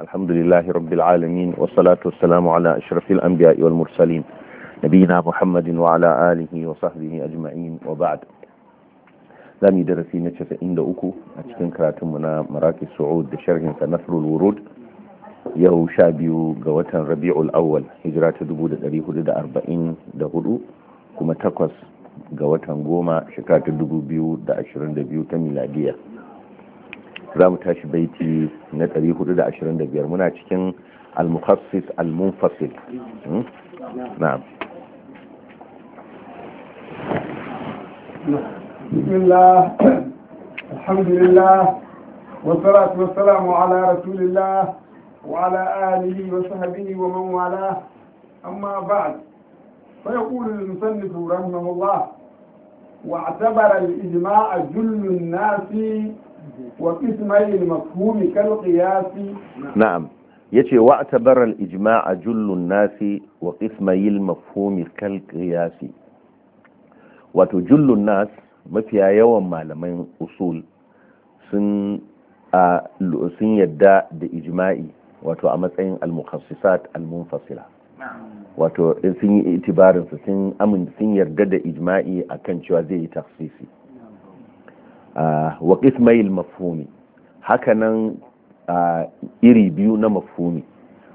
الحمد لله رب العالمين والصلاة والسلام على أشرف الأنبياء والمرسلين نبينا محمد وعلى آله وصحبه أجمعين وبعد لم يدرسي نشف عند أكو أتكن كراتمنا مراكز سعود شرح نصر الورود يو شابيو قوة ربيع الأول هجرة دبودة أريه لدى أربعين دهدو كما تقص قوة قوما شكرة دبو بيو دا أشرين دبيو تميلادية za mu tashi baiti na 425 muna cikin al-mukhassis al-munfasil hmm? na'am بسم الله الحمد لله والصلاة والسلام على رسول الله وعلى آله وصحبه ومن والاه أما بعد فيقول المصنف رحمه الله واعتبر الإجماع جل الناس وقسمي المفهوم كالقياس نعم يتي واعتبر الإجماع جل الناس وقسمي المفهوم كالقياس وتجل الناس mafiya yawan malaman usul sun sun da ijma'i wato a matsayin al-mukhassisat al-munfasila wato sun yi itibarinsa sun amin sun yarda da ijma'i akan cewa zai yi tafsisi Ah, wa qismayil mafhumi hakanan ah, iri biyu na mafhumi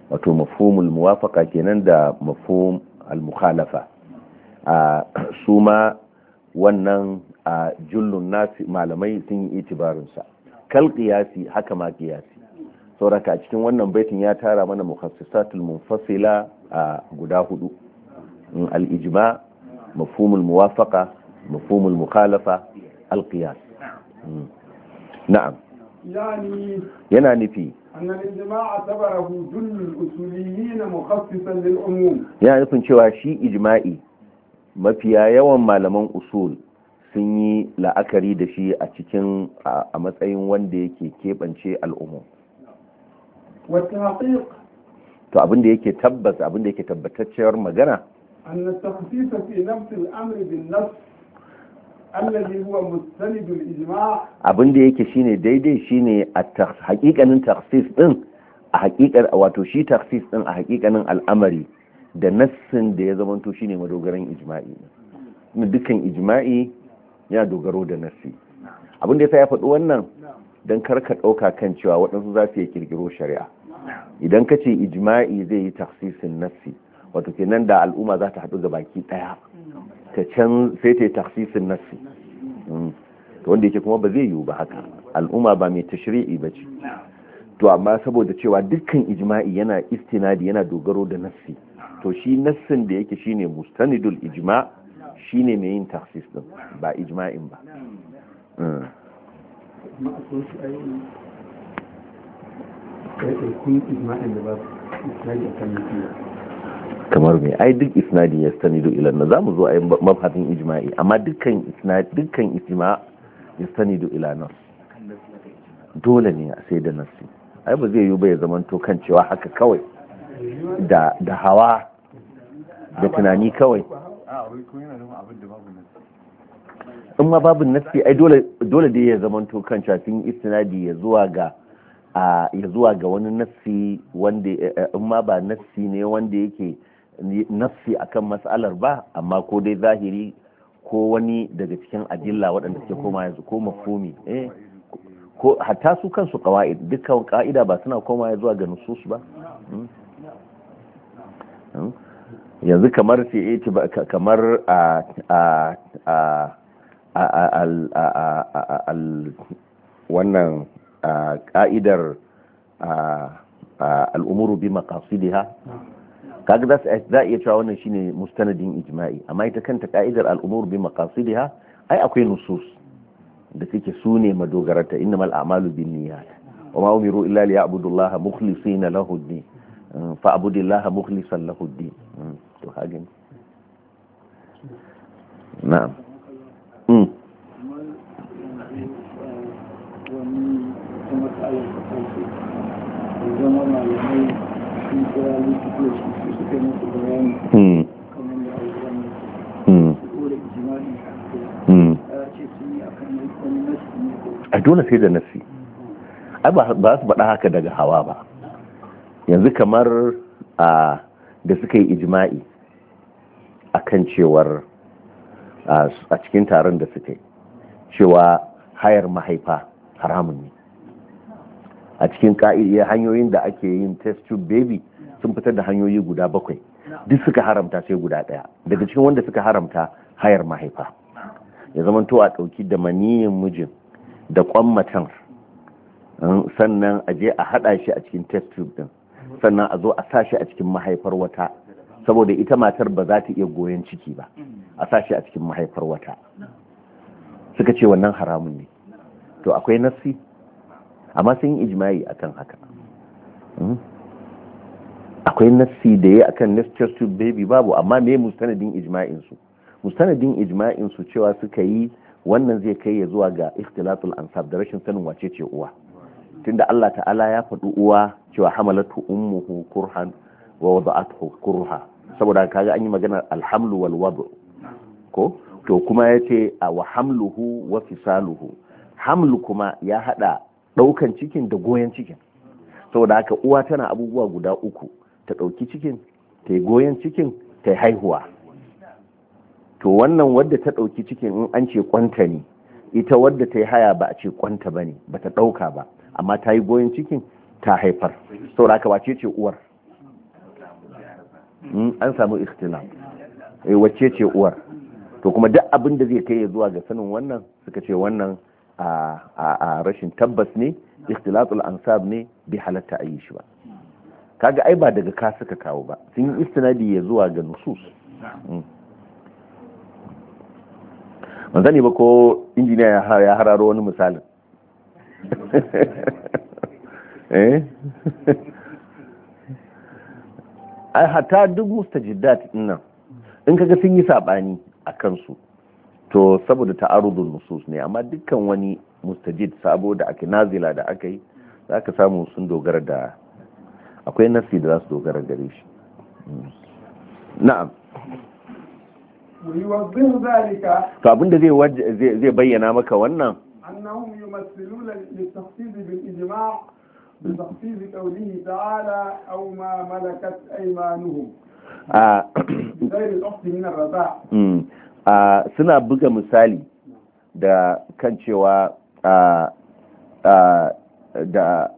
wato mafhumul muwafaqa kenan da mafhum al mukhalafa ah, su ma wannan jullun nasi malamai sun yi itibarin kal qiyasi haka ma qiyasi sauraka a cikin wannan baitin ya tara mana mukhassisatul munfasila guda hudu al ijma mafhumul muwafaqa mafhumul mukhalafa al qiyas na'am yana nufi yana nufin cewa shi ijma'i mafiya yawan malaman usul sun yi la'akari da shi a cikin a matsayin wanda yake keɓance al'ummu to abinda yake tabbas abinda yake tabbatacciyar magana abinda abin da yake shine daidai shine a hakikanin taksis din a hakikar wato shi taksis din a hakikanin al'amari da nassin da ya zamanto shine madogaran ijma'i dukkan ijma'i ya dogaro da nassi abin da yasa ya faɗi wannan don karka ɗauka kan cewa waɗansu za su yi kirkiro shari'a idan ka ce ijma'i zai yi taksisin nassi wato kenan da al'umma za ta haɗu baki ɗaya ta can sai ta yi taksisin nasi mm. wanda yake kuma ba zai yiwu ba haka al'umma ba mai tashri'i ba ce to amma saboda cewa dukkan ijma'i yana istinadi yana dogaro da nasi to shi nassin da yake shine mustanidul ijma shine mai yin taksis din ba ijma'in ba kamar mai ai duk isnadi ya sani do ila na zamu zo ai mabhasin ijma'i amma dukkan isnadi dukkan ijma ya stanidu ila nan dole ne a sai da nasi ai ba zai yi ba ya zamanto kan cewa haka kawai da da hawa da tunani kawai in ma babu nasi ai dole dole dai ya zamanto kan cewa sun isnadi ya zuwa ga ya zuwa ga wani nassi wanda eh, eh, in ma ba nassi ne wanda yake nassi akan matsalar ba amma ko dai zahiri ko wani daga cikin adilla waɗanda suke koma yanzu ko mafumi eh ko hatta su kansu qawaid duka ka'ida ba suna koma zuwa ga nusus ba yanzu kamar ce kamar a a a wannan ka'idar al'umuru bi maqasidiha kaga za su iya cewa wannan shine mustanadin ijma'i amma ita kanta ka'idar al'umur bi maqasidiha ai akwai nusus da suke sune madogarata mal a'malu niyyat wa ma umiru illa ya'budu Allah mukhlisin lahu ad mm, fa abudu Allah mukhlisan lahu ad-din mm, to hagin na'am mm eh, zama malamai a dole sai da nasi ai ba su bada haka daga hawa ba yanzu kamar a da suka yi ijima'i a kan cewar a cikin taron da suka yi cewa hayar mahaifa haramun ne a cikin ka'idiyar hanyoyin da ake yin test tube baby sun fitar da hanyoyi guda bakwai duk suka haramta sai guda ɗaya daga cikin wanda suka haramta hayar mahaifa ya zama to a ɗauki da maniyin mijin da kwan macen hmm, sannan a je a haɗa shi a cikin test tube ɗin sannan a zo a sa shi a cikin mahaifar wata saboda ita matar ba za ta iya goyon ciki ba a sa shi a cikin mahaifar wata suka ce wannan haramun ne to akwai nassi amma sun yi ijma'i akan haka hmm? akwai nassi da ya akan nestor tube baby babu amma me mustanadin ijma'in su mustanadin ijma'in su cewa suka yi wannan zai kai ya zuwa ga ikhtilatul ansab da rashin sanin wace ce uwa tunda Allah ta'ala ya faɗi uwa cewa hamalatu ummuhu kurhan wa wada'athu kurha saboda kaga an yi maganar alhamlu wal wad ko to kuma yace wa hamluhu wa fisaluhu hamlu kuma ya hada Daukan cikin da goyon cikin saboda haka uwa tana abubuwa guda uku ta ɗauki cikin ta yi goyon cikin ta yi haihuwa to wannan wadda ta ɗauki cikin in an ce kwanta ne ita wadda ta yi haya ba a ce kwanta ba ne ba ta ɗauka ba amma ta yi goyon cikin ta haifar saboda haka wace ce uwar hmm, an samu ikhtilaf eh, wacce ce uwar to kuma duk abin da zai kai zuwa ga sanin wannan suka ce wannan a rashin tabbas ne istilatul ansab ne bi halatta a yi shi ba kaga ai ba daga ka suka kawo ba sun yi istinadi ya zuwa ga nusus mm. ban zani ba ko injiniya ya hararo wani misalin eh ai hatta duk mustajiddat nan in kaga sun yi sabani a kansu to saboda ta'arudun nusus ne amma dukkan wani mustajid sabo da ake nazila da aka yi za ka samu sun dogara da akwai nasi da za su dogara gare shi na'am to abin da zai bayyana maka wannan a a suna buga misali da kan cewa da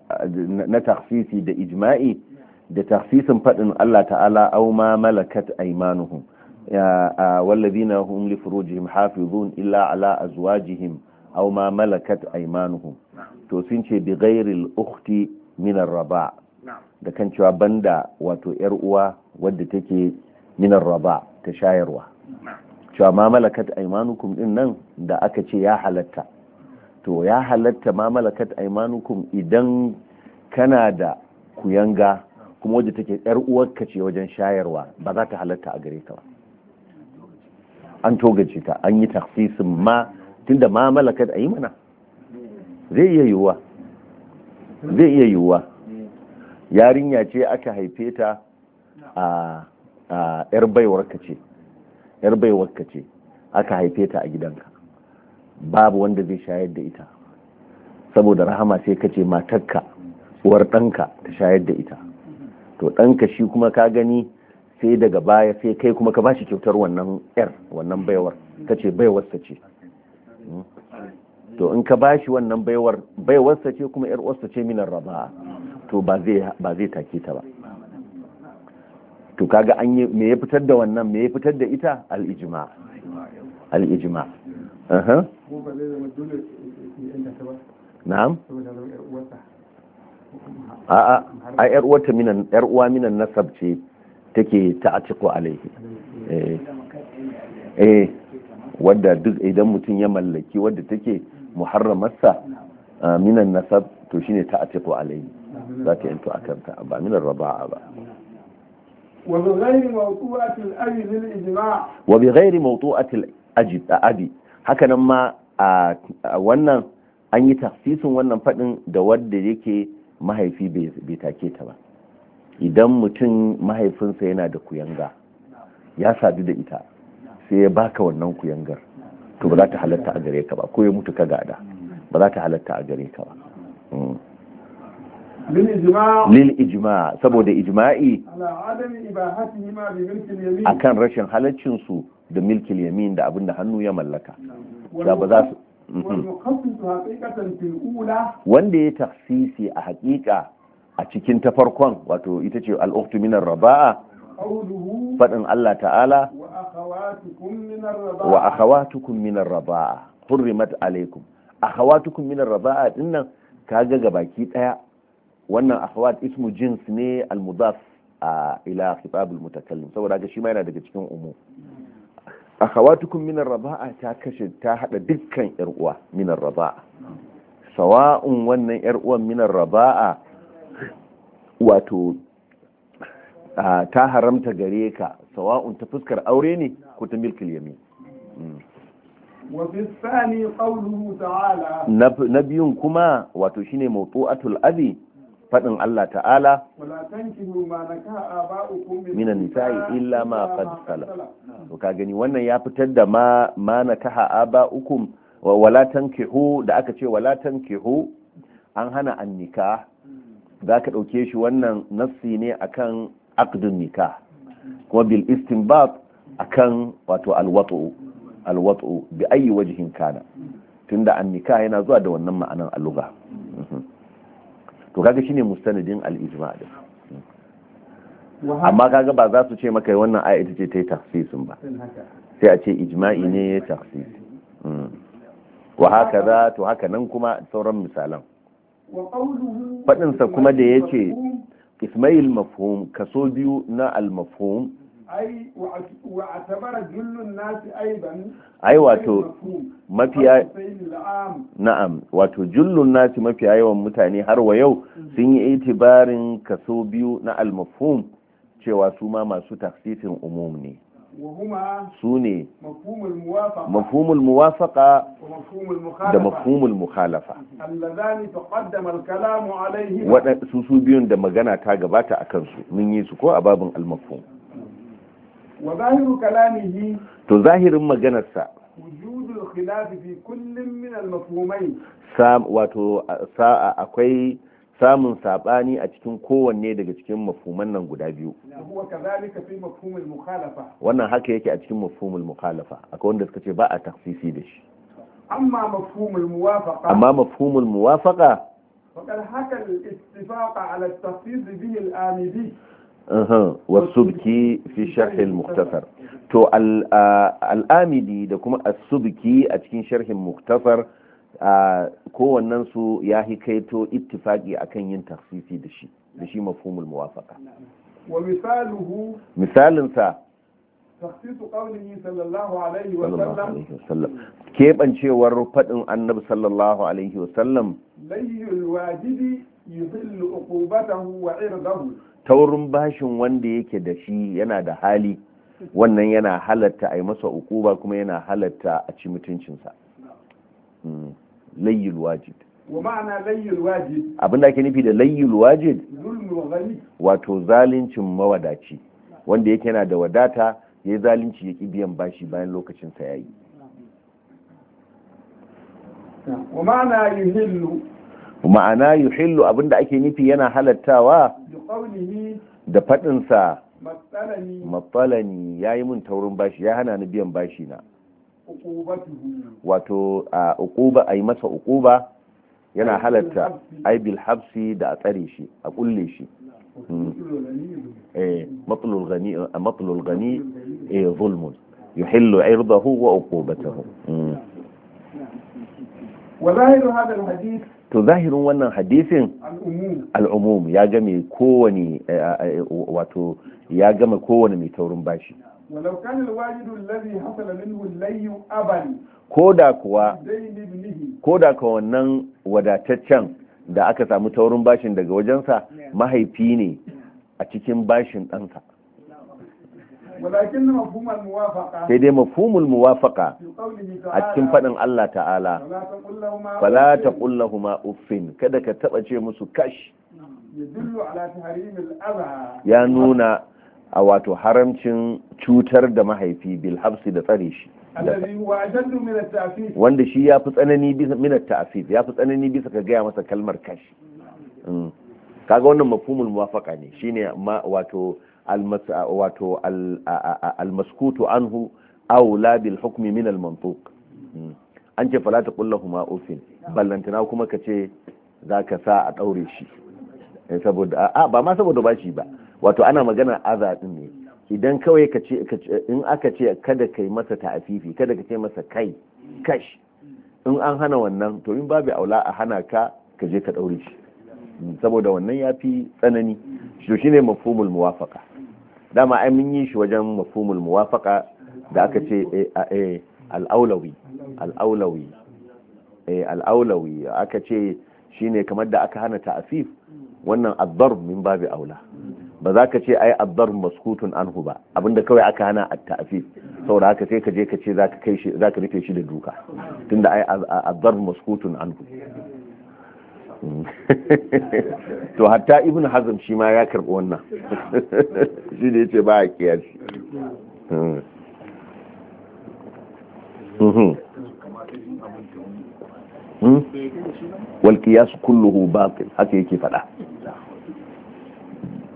na tafsisi da ijma'i da tafsisin faɗin Allah ta'ala au ma malakat aimanuhum والذين هم لفروجهم حافظون illa ala أزواجهم أو ما malakat أيمانهم to sun ce bi ghairil ukhti min raba da kan cewa banda wato yar uwa wadda take min raba ta shayarwa cewa ma malakat aimanukum din nan da aka ce ya halatta to ya halatta ma malakat aimanukum idan kana da kuyanga kuma waje take yar uwarka ce wajen shayarwa ba za ta halatta a gare ka ba an togace ta an yi taksisin ma tunda ma malakat aimana zai iya yiwuwa zai iya yiwuwa yarinya ce aka haife ta a yar baiwarka ce yar baiwarka ce aka haife ta a gidanka babu wanda zai shayar da ita saboda rahama sai ka ce matarka uwar ɗanka ta shayar da ita to ɗanka shi kuma ka gani sai daga baya sai kai kuma ka bashi kyautar wannan yar wannan baiwar ta ce baiwarsa ce hmm? to in ka bashi wannan baiwar baiwarsa ce kuma yar uwarsa ce minar raba to ba zai take ta ba to kaga an yi me ya fitar da wannan me ya fitar da ita al-ijma al-ijma na'am a'a a yar uwata minan yar uwa minan nasab ce take ta'atiqu alaihi eh eh wadda duk idan mutum ya mallaki wadda take muharramarsa ah, minan nasab to shine ta'atiqu alaihi za ta yanto akan ta ba minan raba'a ba وبغير موطوءة الأبي بالإجماع وبغير موطوءة الأبي ma a wannan an yi tafsisin wannan faɗin da wadda yake mahaifi bai take ta ba idan mutum mahaifinsa yana da kuyanga ya sadu da ita sai ya baka wannan kuyangar to ba za ta halatta a gare ka ba ko ya mutu ka gada ba za ta halatta a gare ka ba lil ijma saboda ijma'i akan rashin halaccin su da milkil yamin da abinda hannu ya mallaka wanda ya tafsisi a haƙiƙa a cikin ta farkon wato ita ce al'uktu minar raba'a faɗin Allah ta'ala wa akhawatukum minar raba'a hurrimat alaikum akhawatukum minar raba'a dinnan ga gabaki ɗaya. wannan ahwal ismu jins ne almudaf a ila khitab mutakallim saboda ga shi ma yana daga cikin umu akhawatukum min ar-raba'a ta kashe ta hada dukkan yar uwa min rabaa sawa'un wannan yar uwan min rabaa wato ta haramta gare ka sawa'un ta fuskar aure ne ko ta milkil yamin وفي الثاني قوله تعالى نبي كما وتشيني موطوءة الأبي faɗin Allah ta'ala minan nisa'i illa ma qad salaf to ka gani wannan ya fitar da ma ma nakaha aba'ukum wa wala tankihu da aka ce wala tankihu an hana an nikah zaka dauke shi wannan nassi ne akan aqdun nikah kuma bil istinbat akan wato alwatu alwatu bi ayi wajhin kana tunda an nikah yana zuwa da wannan ma'anan a lugha mhm. to kaga shine mustanadin al-ijma' din amma kaga ba za su ce maka wannan aya ita ce ta yi tafsisin ba sai a ce ijma'i ne ya tafsis hmm. wa haka za to haka nan kuma sauran misalan faɗinsa kuma da ya ce ismail mafhum kaso biyu na al-mafhum ai wa atabara wato mafiya na'am wato jullun nasi mafiya yawan mutane har wa yau sun yi itibarin kaso biyu na al-mafhum cewa su ma masu tafsirin umum ne su ne mafhumul muwafaqa da mafhumul mukhalafa su su biyun da magana ta gabata a kansu mun yi su ko a babin al-mafhum wa to zahirin maganarsa wujudul khilaf fi min wato akwai samun sabani a cikin kowanne daga cikin mafhuman nan guda biyu wannan haka yake a cikin mafhumul mukhalafa akwai wanda suka ce ba a taksisi da shi amma mafhumul muwafaqa amma ala wasubki fi sharhil muktasar to al'amidi da kuma asubki a cikin sharhin muktasar kowannen su ya hikaito ittifaki akan yin tafsisi da shi da shi mafhumul muwafaqa misalinsa تخصيص قوله صلى الله عليه وسلم كيف شيء النبي صلى الله عليه وسلم لي yuzillu uqubatahu wa irdahu taurin bashin wanda yake da shi yana da hali wannan yana halatta a yi masa ukuba kuma yana halatta a ci mutuncinsa hmm. layyul wajid wa ma'ana layyul wajid abinda ake nufi da layyul wajid wato zalincin mawadaci wanda yake yana da wadata ya zalunci ya ƙi biyan bashi bayan lokacinsa ya yi wa ma'ana yuhillu ma'ana yuhillu abinda ake nufi yana halattawa da faɗinsa matsalani ya yi mun taurin bashi ya hana ni biyan bashi na wato a ukuba a yi masa ukuba yana halatta aibil da a tsare shi a kulle shi hmm. matsalul gani eh, a eh, zulmun yuhillu irdahu wa ukubatahu وظاهر هذا to zahirin wannan hadisin al'umum ya game kowane eh, eh, wato ya game kowane mai taurin bashi ko da kuwa wannan wadataccen da aka samu taurin bashin daga wajensa mahaifi ne a cikin bashin ɗansa sai dai mafhumul muwafaqa a cikin faɗin Allah ta'ala fala ta kullahuma uffin kada ka taba ce musu kash ya nuna a wato haramcin cutar da mahaifi bil da tsare shi wanda shi ya fi tsanani bisa minat ta'fif ya fi tsanani bisa ka gaya masa kalmar kash mm. kaga wannan mafhumul muwafaqa ne shine wato wato almaskutu anhu aula bil hukmi min almantuq hmm. an ce fala ta kullahu ma ufin ballantana kuma ka ce za ka sa a ɗaure shi eh, saboda ba ma saboda bashi ba wato ana magana aza din ne idan kawai ka ce in aka ce kada kai masa ta'afifi kada ka ce masa kai kash in an hana wannan to in babu aula a hana ka ka je ka ɗaure shi hmm. saboda wannan ya fi tsanani shi shine mafhumul muwafaqa dama ai mun yi shi wajen mafhumul muwafaqa da aka ce eh, eh, al'aulawi al'aulawi eh, al'aulawi aka ce shine kamar da aka hana ta'fif wannan addar min babi aula ba za ka ce ai addar maskutun anhu ba abinda kawai aka hana at ta'fif saboda haka sai ka je ka ce za ka rufe shi da duka tunda ai addar maskutun anhu to hatta ibn hazm shi ma ya karbi wannan shi ne ce ba a kiyashi hmm. hmm. hmm. walƙiyasu kulluhu baƙin haka yake fada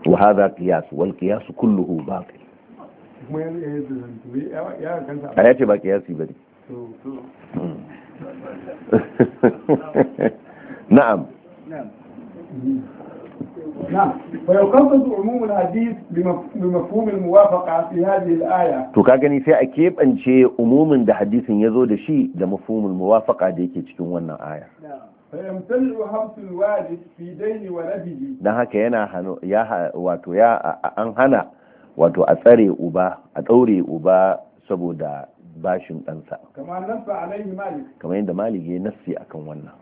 wa haza ƙiyasu walƙiyasu kulluhu baƙin a ya ce ba kiyasi ba ne na'am to ka gani sai a keɓance umumin da hadisin ya zo da shi da mafhumul muwafaqa da yake cikin wannan aya Na haka yana ya wato ya an hana wato a tsare uba a daure uba saboda bashin ɗansa kamar yadda maliki ya nassi akan wannan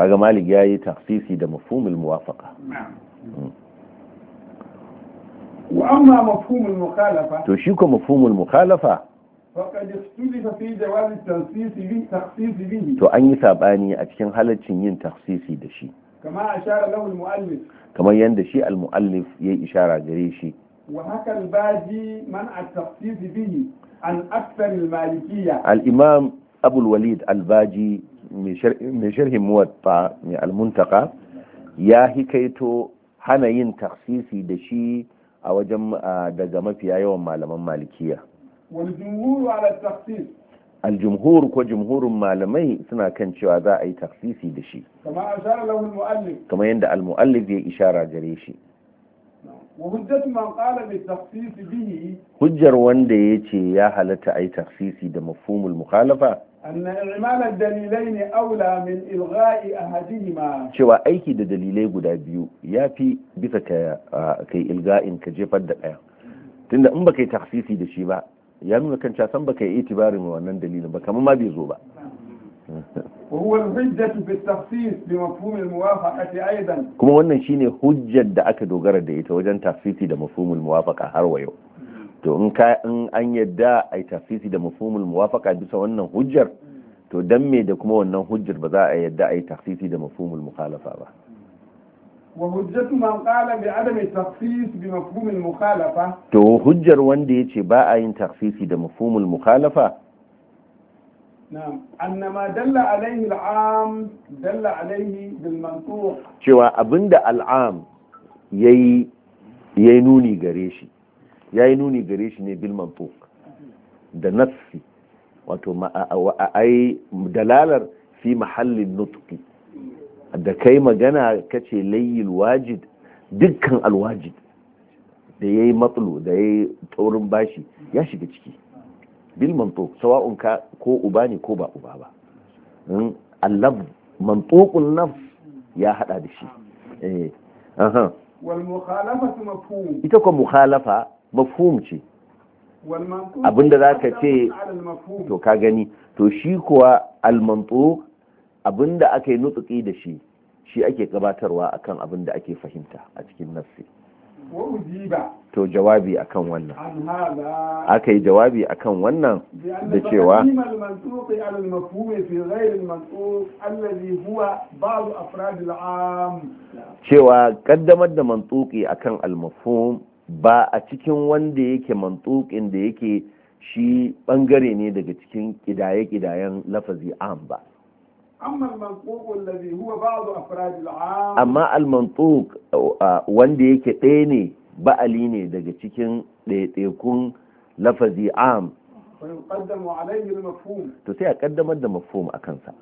kaga malik ya yi tafsisi da mafhumul muwafaka mm. wa amma mafhumul mukhalafa to shi ko mafhumul mukhalafa faqad istudifa fi jawaz at-takhsis bi tafsisi bihi to an yi sabani a cikin halaccin yin tafsisi da shi kama ashara lahu al-muallif kamar yanda shi al-muallif yayi ishara gare shi wa haka al-baji man at tafsisi bihi an akthar al-malikiyya al-imam abul walid al-baji mai sharhin muwatta mai almuntaka ya hikaito hana yin taksisi da shi a wajen daga mafiya yawan malaman malikiya aljumhur ko jumhurin malamai suna kan cewa za a yi taksisi da shi kama yadda almu'allif ya ishara gare shi hujjar wanda ya ce ya halatta a yi taksisi da mafhumul mukhalafa أن إعمال الدليلين أولى من aiki أحدهما شوى أيكي دا دليلي قدا بيو يا في بيسا كي إلغاء كجيفة دا tunda in baka yi taksisi da shi ba ya nuna kan ca san baka yi itibarin wannan dalilin ba kamar ma bai zo ba kuma wannan shine hujjar da aka dogara da ita wajen tafsiri da mafhumul muwafaqa har wa yau to in ka in an yadda a yi tafsiri da mafumul muwafaka bisa wannan hujjar to dan me da kuma wannan hujjar ba za a yadda a yi tafsiri da mafumul mukhalafa ba wa hujjatu man qala bi adami takhsis bi mafhumul mukhalafa to hujjar wanda yace ba a yin takhsisi da mafhumul mukhalafa na'am annama dalla alaihi al'am dalla alaihi bil mantuq cewa abinda al'am yayi yayi nuni gare shi ya yi nuni gare shi ne bil mantuk da nassi wato ai dalalar fi mahallin nutuki da kai magana kace layyil wajid dukkan alwajid da ya yi matsalo da ya yi taurin bashi ya shiga ciki bil mantuk sawa'un ka ko uba ne ko ba uba ba allab mantukun naf ya hada da shi eh aha wal mukhalafatu mafhum ita ko mukhalafa mafhum ce abinda za ka ce to ka gani to shi kuwa almantuk abinda aka yi nutsuki da shi shi ake gabatarwa akan abinda ake fahimta a cikin nafsi to jawabi akan wannan aka yi jawabi akan wannan da cewa cewa kaddamar da mantsuki akan al ba a cikin wanda yake mantukin da yake shi bangare ne daga cikin kidaye-kidayen lafazi am ba amma almantuk wanda yake ɗaya ne ba'ali ne daga cikin ɗaiɗaikun lafazi am to sai a ƙaddamar da mafhum a kansa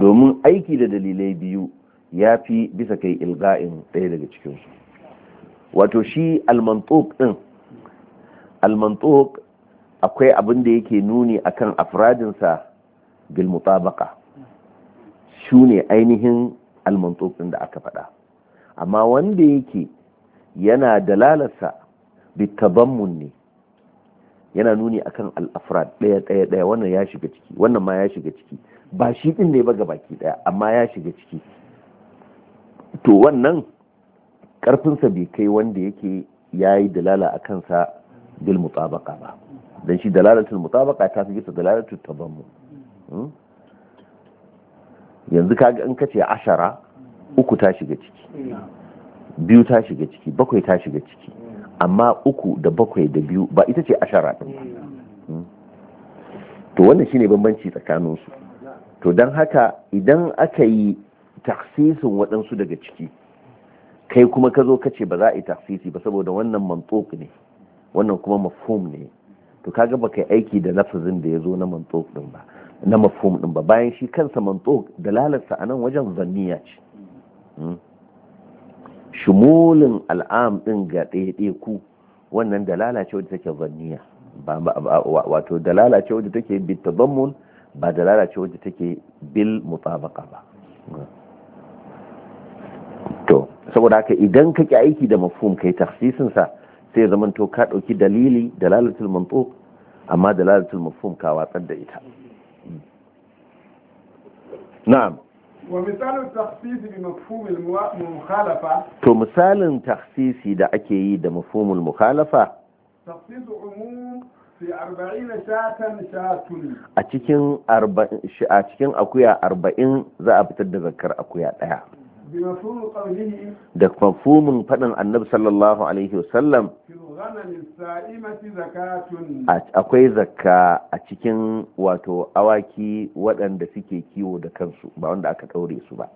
Domin aiki da dalilai biyu. ya fi bisa kai ilga'in ɗaya daga cikinsu wato shi almantok ɗin almantok akwai abin da yake nuni akan afradinsa bilmutabaka shi ne ainihin almantok ɗin da aka faɗa amma wanda yake yana dalalarsa bitabanmu ne yana nuni akan afrad ɗaya ɗaya ɗaya wannan ya shiga ciki wannan ma ya shiga ciki ba shi ɗin ne ba ga baki ɗaya amma ya shiga ciki to wannan karfinsa bai kai wanda yake ya yi dalala a kansa bil mutabaka ba don shi dalalatul mutabaka ta fi dalalatul tabammu hmm? yanzu kaga in kace ashara uku ta shiga ciki biyu ta shiga ciki bakwai ta shiga ciki amma uku da bakwai da biyu ba ita ce ashara ɗin ba hmm? to wannan shine bambanci tsakaninsu to don haka idan aka yi taksisin waɗansu daga ciki kai kuma ka zo ka ce ba za a yi taksisi ba saboda wannan mantok ne wannan kuma mafhum ne to kaga baka yi aiki da lafazin da ya zo na mantok din ba na mafhum din ba bayan shi kansa mantok dalalarsa a nan wajen zanniya ce hmm? shumulin al'am din ga ɗaya ku wannan dalala ce wadda take zanniya wato dalala ce wadda take bitta ba dalala ce wadda take bil mutabaka ba hmm. saboda haka idan ka ki aiki da mafhum kai tafsisin sa sai zaman to ka dauki dalili dalalatul mantuq amma dalalatul mafhum ka watsar da ita na'am wa misalin takhsisi bi mafhumil mukhalafa to misalin takhsisi da ake yi da mafhumul mukhalafa takhsisu umum a cikin akuya arba'in za a fitar da zakar akuya ɗaya da mafhumin faɗin annabi sallallahu alaihi wasallam akwai zakka a cikin wato awaki waɗanda suke kiwo da kansu ba wanda aka ɗaure su ba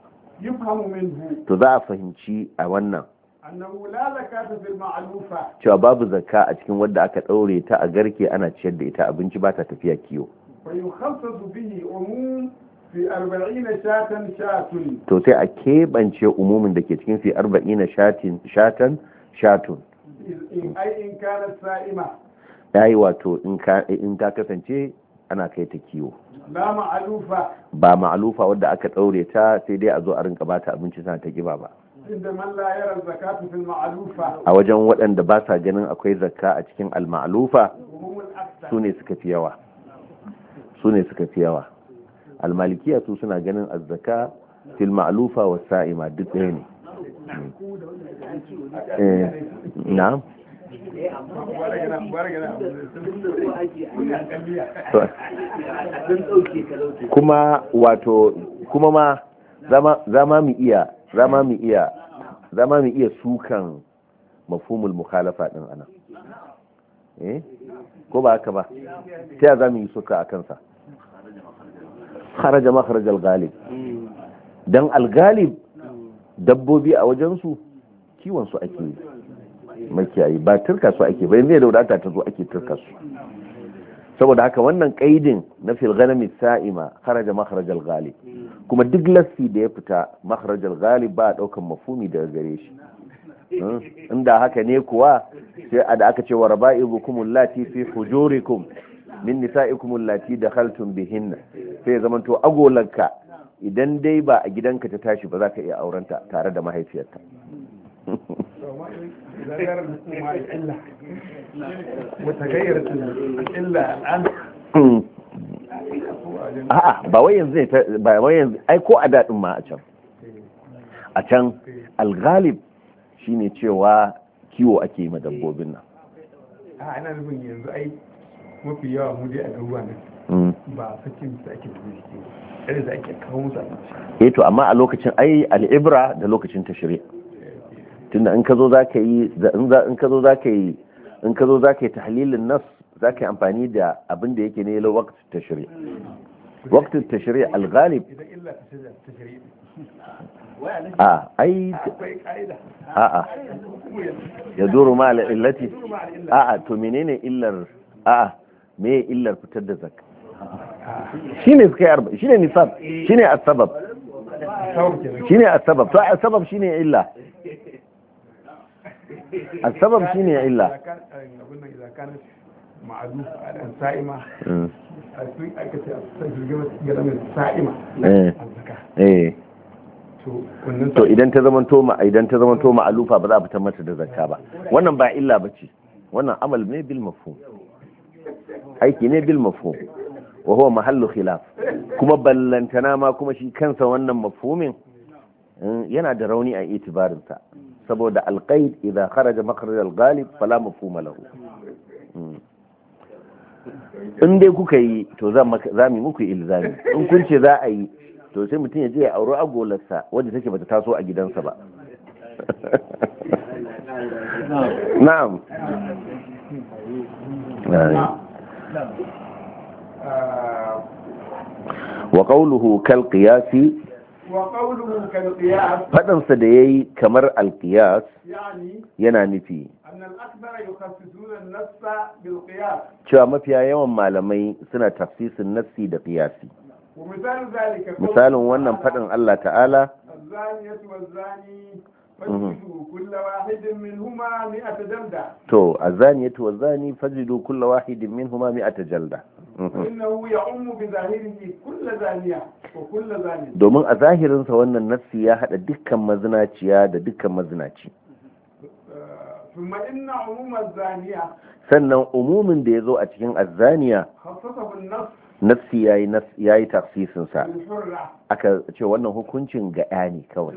to za a fahimci a wannan cewa babu zakka a cikin wadda aka ɗaure ta a garke ana ciyar da ita abinci ba ta tafiya kiwo shatan to sai a keɓance umumin da ke cikin fi arba'ina shatan shatun Ai in ya yi wato in ta kasance ana kai ta kiwo ba ma'alufa wanda aka daure ta sai dai a zo a rinka bata abinci sana ta giba ba a wajen waɗanda ba sa ganin akwai zakka a cikin al-ma'alufa su ne suka fi yawa almalikiya su suna ganin azzaka fil ma'lufa wa sa'ima duk ɗaya ne eh, kuma wato kuma ma zama mu iya zama mu iya zama mu iya sukan mafhumul mukhalafa din ana eh ko ba haka ba ta za mu yi suka a kansa kharaja makharajal galib dan algalib dabbobi a wajensu kiwon su ake makiyayi ba turka su ake ba zai da wadata ta zo ake turka su saboda haka wannan kaidin na fil ghanami sa'ima kharaja galib kuma duk lassi da ya fita makharajal galib ba daukan mafumi daga gare shi hmm? inda haka ne kuwa sai da aka ce wa raba'ibukum allati fi hujurikum min nisa'ikum allati dakhaltum bihinna sai ya zamanto agolanka idan dai ba a gidanka ta tashi ba za ka iya aurenta tare da mahaifiyarta a'a ba wai yanzu ba wai yanzu ai ko a daɗin ma a can a can alghalib shine cewa kiwo ake yi ma dabbobin nan a ana nufin yanzu ai mafi yawa mu dai a garuruwa nan mm. ba sakin su ake da jiki irin da ake kawo musu abinci eh to amma a lokacin ai al'ibra da lokacin tashri tunda in ka zo za ka yi in ka zo za ka yi in ka zo za ka yi tahlilin nas za ka yi amfani da abin da yake ne lokacin tashri lokacin tashri al-ghalib a ai a a ya duru ma al'illati a a to menene illar a a me ya illar fitar da shi ne suka yi arba ne nisab shi ne asabab shi ne asabab to asabab Shi ne illa asabab shi a illa a mm. eh. eh. to idan ta zama to idan ta zama to alufa ba za a fitar mata da zakka ba wannan ba illa ba ce. wannan amal ne bil mafhum aiki ne bil mafhum wa huwa mahallu khilaf kuma ballantana ma kuma shi kansa wannan mafhumin eh, yana da rauni a itibarin sa saboda alqaid idza kharaja makhraj alghalib fala mafhum lahu hmm. in dai kuka yi to za mu muku ilzami in kun ce za a yi to sai mutum ya je ya auri agolarsa wadda take bata taso a gidansa ba na'am wa qawluhu kal qiyasi faɗansa da ya yi kamar alkiyas yana nufi cewa mafiya yawan malamai suna tafsisin nassi da qiyasi misalin wannan faɗin Allah ta'ala to a zani ya tuwa zani fajidu kulla wahidin min huma mi a tajalda domin a zahirinsa wannan nassi ya haɗa dukkan mazinaciya da dukkan mazinaci sannan umumin da ya zo a cikin azaniya. nafsi ya yi tafsisin aka ce wannan hukuncin ga ya ne kawai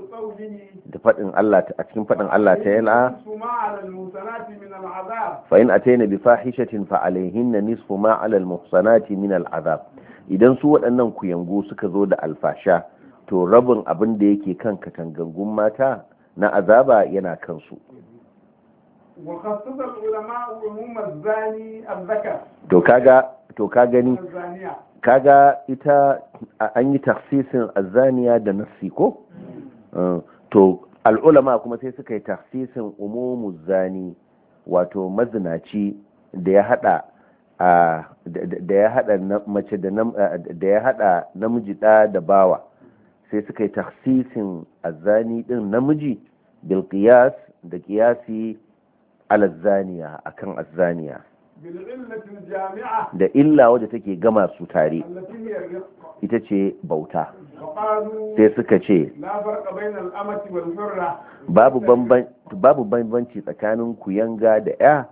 da fadin Allah a cikin fadin Allah ta yana fa in ataina bi fahishatin fa alaihinna nisfu ma ala al muhsanati min al azab idan su waɗannan kuyangu suka zo da alfasha to rabin abin da yake kan katangangun mata na azaba yana kansu to kaga to ka gani kaga ita an yi tafsisin azaniya da nassi ko eh, to al'ulama kuma sai suka yi tafsisin umumu zani wato mazinaci da ya hada da ya hada mace da ya hada namiji da da bawa sai suka yi tafsisin azani din namiji bilkiyas da kiyasi alazaniya akan azaniya da illa wadda take gama su tare ita ce bauta sai suka ce babu bambanci tsakanin kuyanga da ya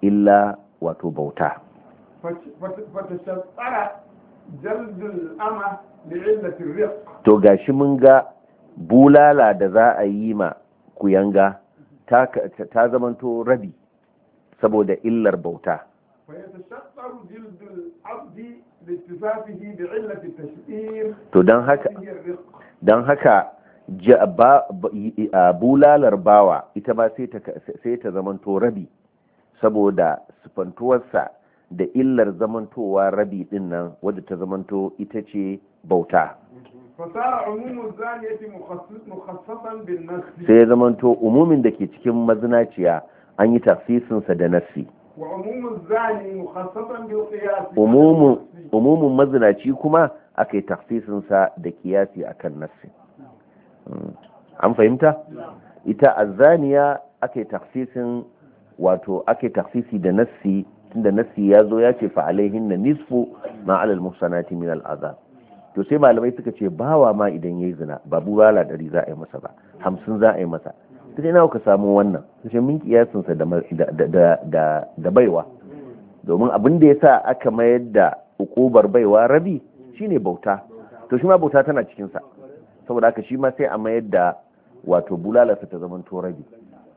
illa wato bauta to gashi mun ga bulala da za a yi ma kuyanga ta zamanto rabi saboda illar bauta to don haka don haka bulalar bawa ita ma sai ta zamanto rabi saboda sufantuwarsa da illar zamantowa rabi din nan wadda ta zamanto ita ce bauta sai zamanto umumin da ke cikin mazinaciya an yi tafsisinsa da nassi umumin mazinaci kuma aka yi tafsisinsa da kiyasi akan nassi hmm. an fahimta ita azaniya aka yi tafsisin wato aka yi tafsisi da nassi da nassi ya zo ya ce fa'alaihin na nisfu na alal musanati min al'azab to sai malamai suka ce bawa ma idan yayi zina babu bala dari za a yi masa ba hamsin za a yi masa ta ce nawa ka samu wannan ta ce mun kiyasinsa da baiwa domin abin da ya sa aka mayar da hukubar baiwa rabi shine bauta to shi ma bauta tana cikinsa saboda haka shi ma sai a mayar da wato bulalarsa ta zaman to rabi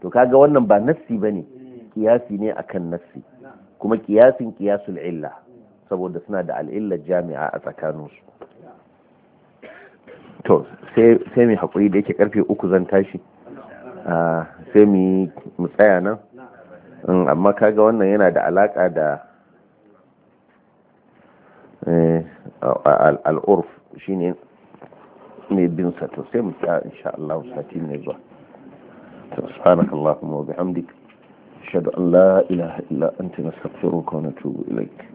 to kaga wannan ba nassi bane ne kiyasi ne akan nassi kuma kiyasin kiyasul illa saboda suna da al'illar jami'a a tsakaninsu to sai mai haƙuri da yake karfe uku zan tashi sai mu tsaya nan amma kaga wannan yana da alaka da eh, al'urf shi ne mai bin sato sai mu tsaya insha Allah sati ne zuwa سبحانك اللهم وبحمدك أشهد أن لا إله إلا أنت نستغفرك ونتوب إليك